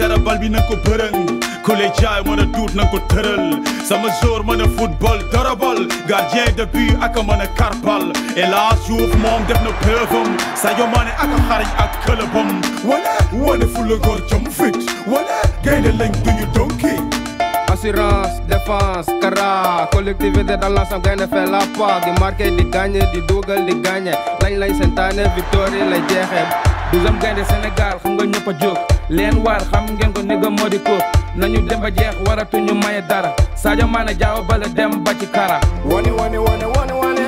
dara bal bi na ko bërëng ku lay jaay mën a duut na ko tëral sama jour mën a football dorobal gardien de but ak a mën karbal et la moom def na preuve-am Sadio Mané ak a xarañ ak këlëbam wala wane fu la góor jom fit wala gaynde lañ duñu donki assurance défense kara collectivité dans l'ensemble gaynde di marqué di gagné di dugal di gagné lañ sentaane victoire lay jeexee deuxième gaynde Sénégal xam nga ñëpp leen waar xam ngeen ko néga moo di kóob nañu dem ba jeex waratuñu maye dara Sadio Mané jaaw bala dem ba ci kara woni woni woni woni woni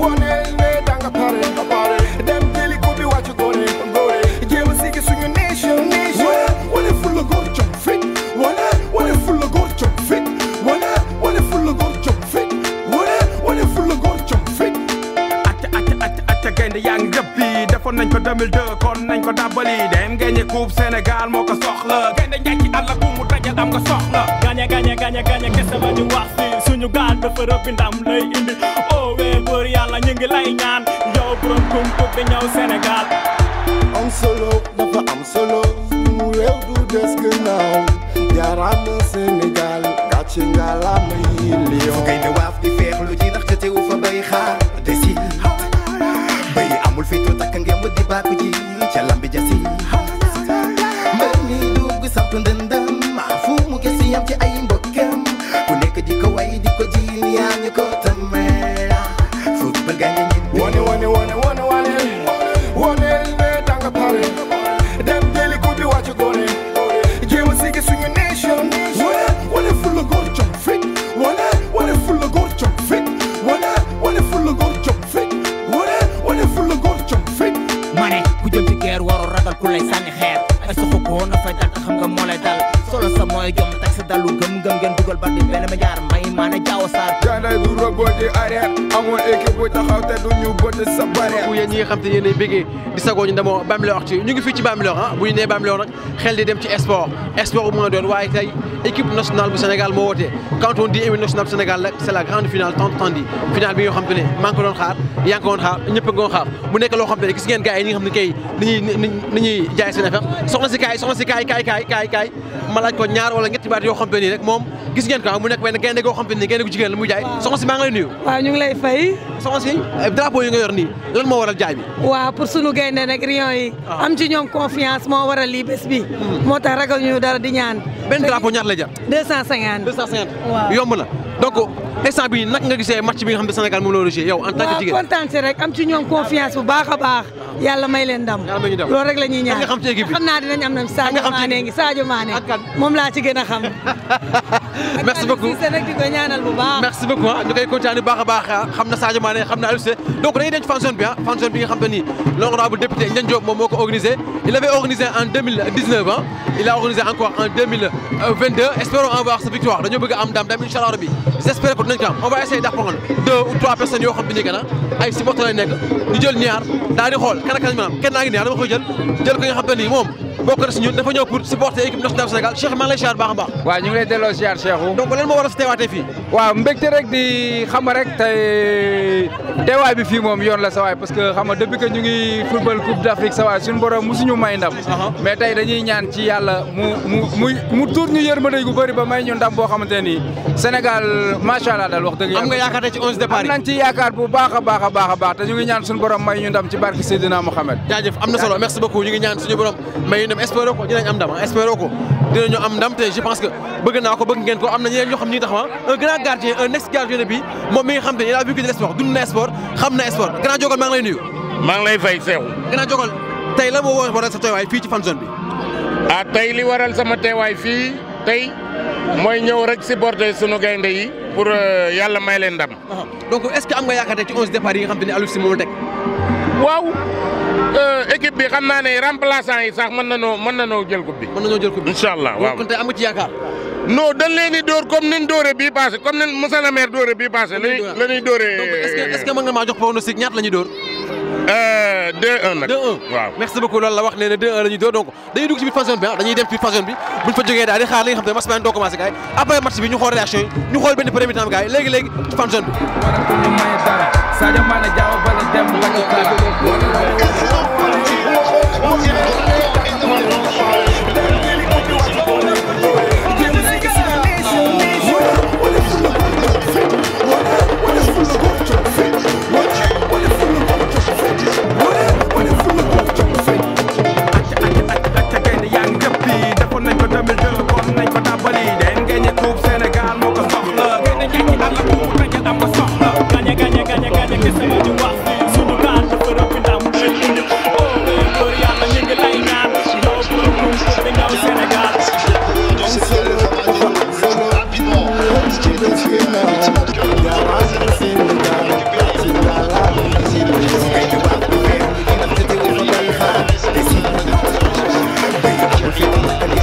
woni ne danga pare nga pare dem jëli ko bi wàcc góore góore jéem a sikki suñu nation nation wala fulla góor cop fit wala wala fulla góor cop fit wala wala fulla góor cop fit wala wala fulla góor cop fit acca acca acca acca gaynde yaa ngi rëb bi defoon nañ ko 2002 ko dàbbali dem gañe coupe Sénégal moo soxla gaynde njaay ci àll mu dajal am nga soxla gañe gañe gañe gañe kese la ñu wax si suñu gaal dafa rëbbi ndam lay indi oowee oh, buur yàlla ñu ngi lay ñaan yow borom kum coupe bi ñëw Sénégal am solo dafa am solo suñu réew du des gannaaw jaaraama Sénégal gàcce nga la may lion dalu gëm gëm ngeen dugal ba ben benn ma jaar may mana jaaw saar gaanday du robot di arrière amon équipe bu taxaw té du ñu bëtt sa bare bu yéen ñi nga xam te yéenay bëggee di sagoo ñu bamlé Bambilor ci ñu ngi fi ci Bambilor ah bu ñu nee Bambilor nag xel di dem ci sport sport mo doon waye tay équipe nationale bu Sénégal moo wootee quand on dit équipe nationale bu Sénégal rek c' est la grande finale tant attendu finale bi nga xam te ne maa ngi ko doon a mu nekk loo xam te ne gis xam ne kay ni jaay seen affaire si kaay soxna ko ñaar wala ñetti baat yoo xam rek moom gis ko ah mu nekk benn gaynde goo xam gaynde gu jigéen la muy jaay soxna si maa lay nuyu waaw ñu lay fay soxna si drapeau yi nga yor nii benn drapeau ñaata lay jar. 250 250. waaw yomb na donc instant bi nag nga gisee match bi nga xam ne Sénégal moom la war yow en tant que jigéen waaw am ci ñoom confiance bu baax a baax. Ah. yàlla may leen ndam yàlla may leen ndam rek la ñuy ñaan. nga xam ci équipe bi xam naa dinañ am ngi Sadio Mané moom laa ci gën a xam merci beaucoup merci beaucoup ah ñu koy kontaane baaxa a baax ah. xam na Sadio Mané xam na donc dañuy denc fan zone bi ah fan zone bi nga xam tane ni l'honorable député Ndiagne Diop moom moo il avait organisé en 2019 hein. Ah. il a organisé encore en 2022 espérons avoir sa victoire dañu bëgg am dam dam incha allah rabbi j'espère que dinañ ko on va essayer d'apprendre deux ou trois personnes yo xam te ni que ay supporters lay nekk ñu jël ñaar daal di xool kan ak kan maanaam kenn naa ngi neex ah, dama koy jël jël ko nga xam tane ni bokk na si ñun dafa ñëw pour supporter équipe nationale Sénégal Cheikh maa ngi lay baax baax waaw ñu lay delloo ziar si teewaatee fii waaw rek di xam rek tey teewaay bi fii moom yoon la sa waay parce que xam nga depuis que ñu ngi football coupe d'Afrique sa waay suñu borom musuñu may ndam uh-huh. mais tey dañuy ñaan ci yàlla mu mu mu mu tuur ñu yërmande gu bëri ba may ñu ndam boo xamante ni Sénégal macha allah daal wax dëgg yàlla am nga yaakaar ci onze a baax a baax a baax te ñu ñaan suñu borom may ñu ndam ci barke Seydina dem espérer ko dinañ am ndam ah ko dinañu am ndam te je pense que bëgg naa ko bëgg ngeen ko am na ñeneen ñoo xam ñu ngi taxaw un grand gardien un ex gardien de but moom mi xam te il a vécu de sport dund na sport xam na sport grand Jokal maa ngi lay nuyu. maa ngi lay fay Seexu. grand Jokal tey la moo waral sa teewaay fii ci fan zone bi. ah tey li waral sama teewaay fii tey mooy ñëw rek si supporter sunu gaynde yi pour euh, yàlla may leen ndam. donc est-ce que am nga yaakaar ci 11 départ yi nga xam te ne Euh, équipe bi xam naa ne remplaçant yi sax mën na noo mën na noo jël coupe bi. mën na noo jël coupe bi incha waaw kon tey am nga ci yaakaar. non dañ leen di dóor comme ni ñu dóoree bii passé comme ni monsieur le maire dóoree bii passé. la ñuy dóoree nga maa jox pronostic ñaata la ñuy 2-1 nag 2 waaw merci beaucoup loolu la wax nee na 2-1 la ñuy dóor donc dañuy dugg ci biir phase bi ah, dañuy dem ci biir phase zone bi buñ fa jógee daal di xaar li xam te match bi daan doo commencé gars après match bi ñu xool réaction yi ñu xool benn premier temps gars yi léegi ci phase bi Porque como feliz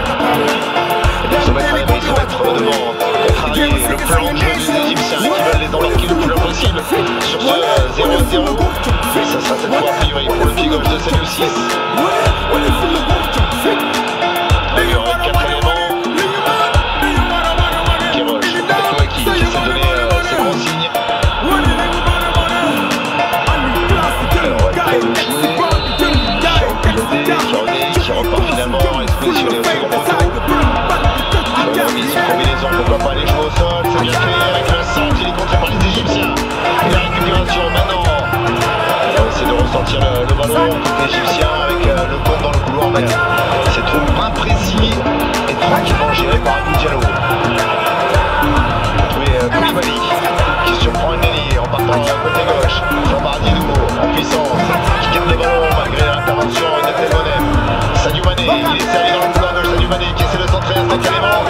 Sur ce, 0-0. Ça, ça, ça priori pour le on est de Salut 6. sortir le, le ballon égyptien avec euh, le cône dans le couloir, mais c'est trop imprécis et tranquillement géré par Abou Diallo. Trouvé euh, Koulibaly qui surprend Nelly en partant côté gauche. Jean-Bardi nouveau en puissance qui garde les ballons malgré l'intervention de Telmonem. Sadio Mané, il est servi dans le couloir gauche, Sadio Mané qui essaie de centrer, c'est carrément.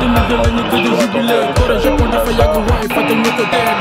Des mondes de l'année de des jubilés Corrigé pour la faille à Gouin, il faut tenir côté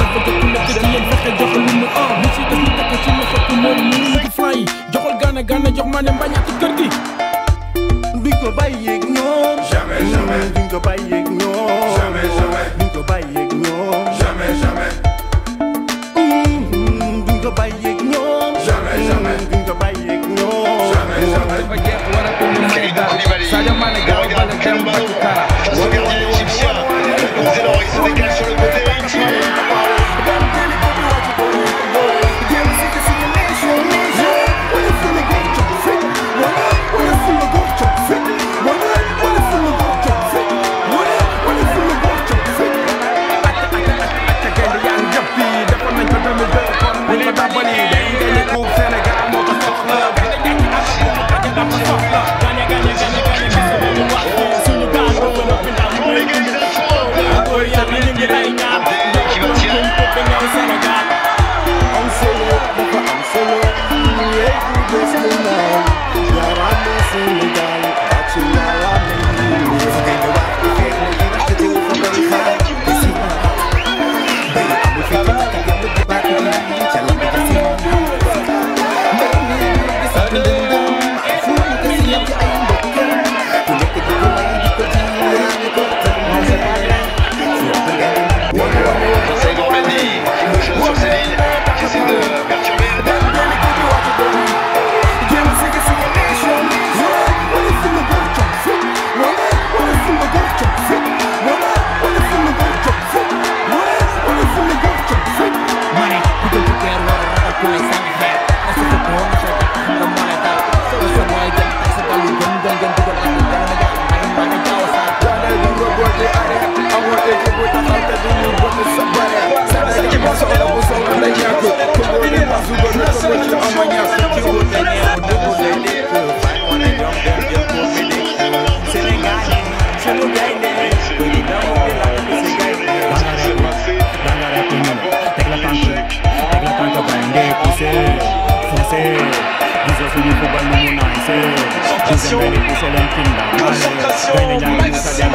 Consommation, consommation, maximum, maximum,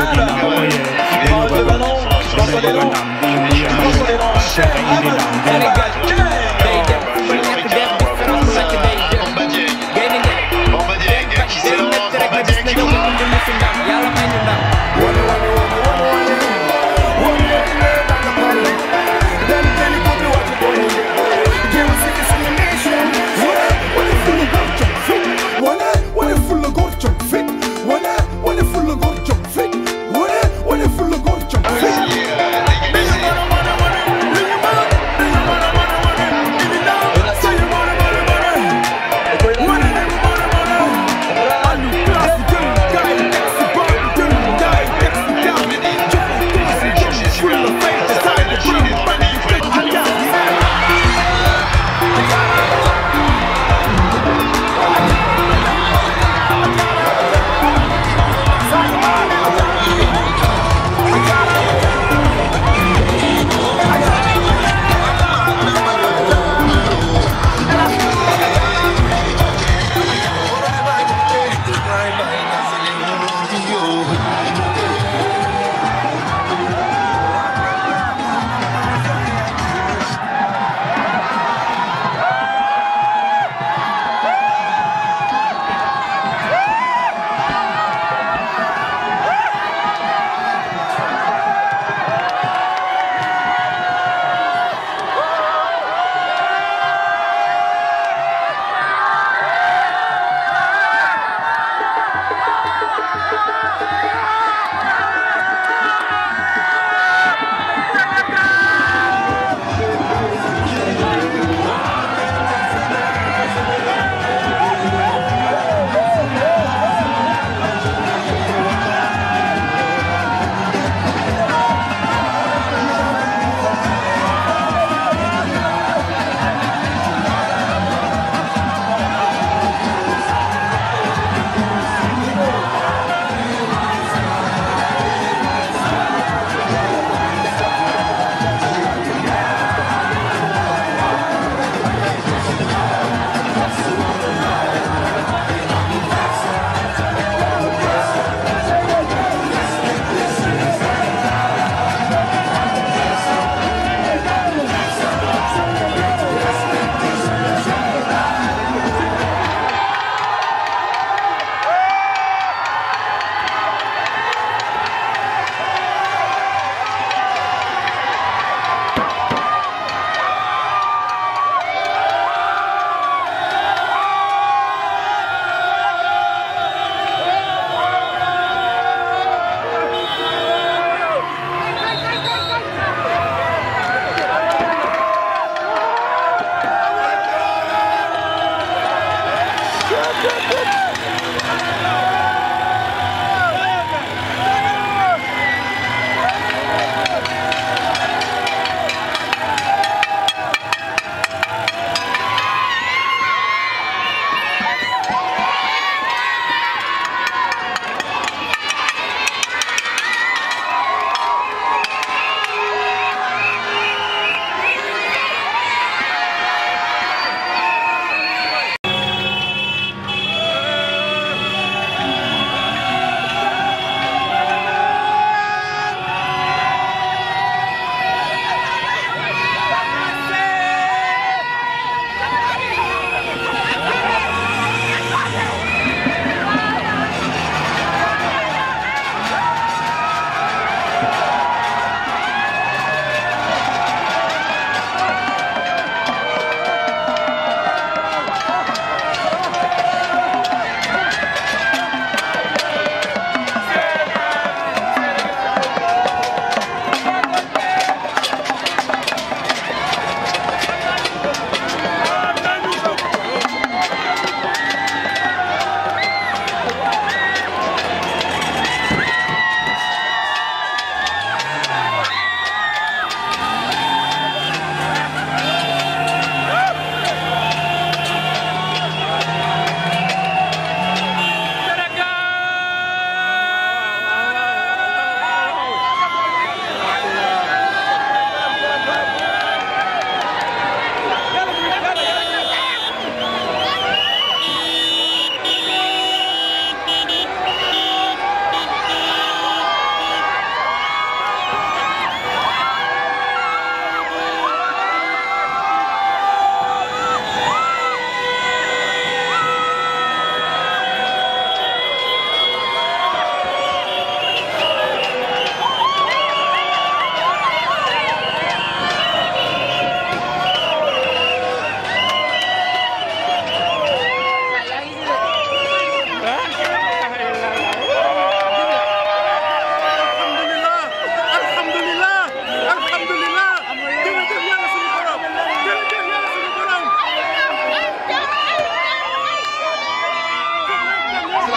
maximum, maximum, maximum, maximum,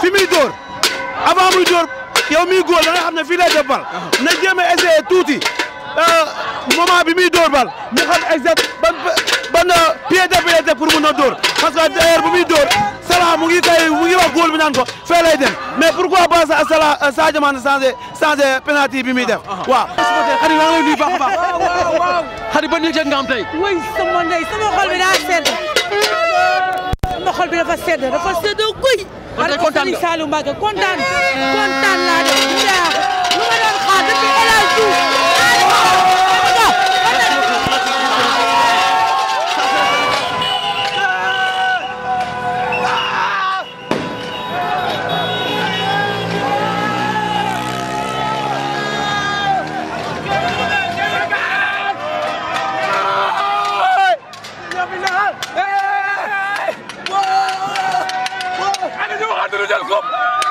في ميدور افون ميدور يا مي جول انا خمنا في لا جبال نجيما اسي توتي ماما بي ميدور بال مي خم ازات بان بي دي بي دي بور مون دور باسكو دير بي ميدور صلاح مو غي كاي مو غي وا جول مي نانكو في لا دين مي بوركو با صلاح ساجي مان سانزي سانزي بيناتي بي مي ديف وا خدي لا ني باخ باخ خدي بني جان غام تاي وي كوي Para ko sa isa lumaga. Kontan! Kontan na! Lumaga ang kada ko waxante nu jël koom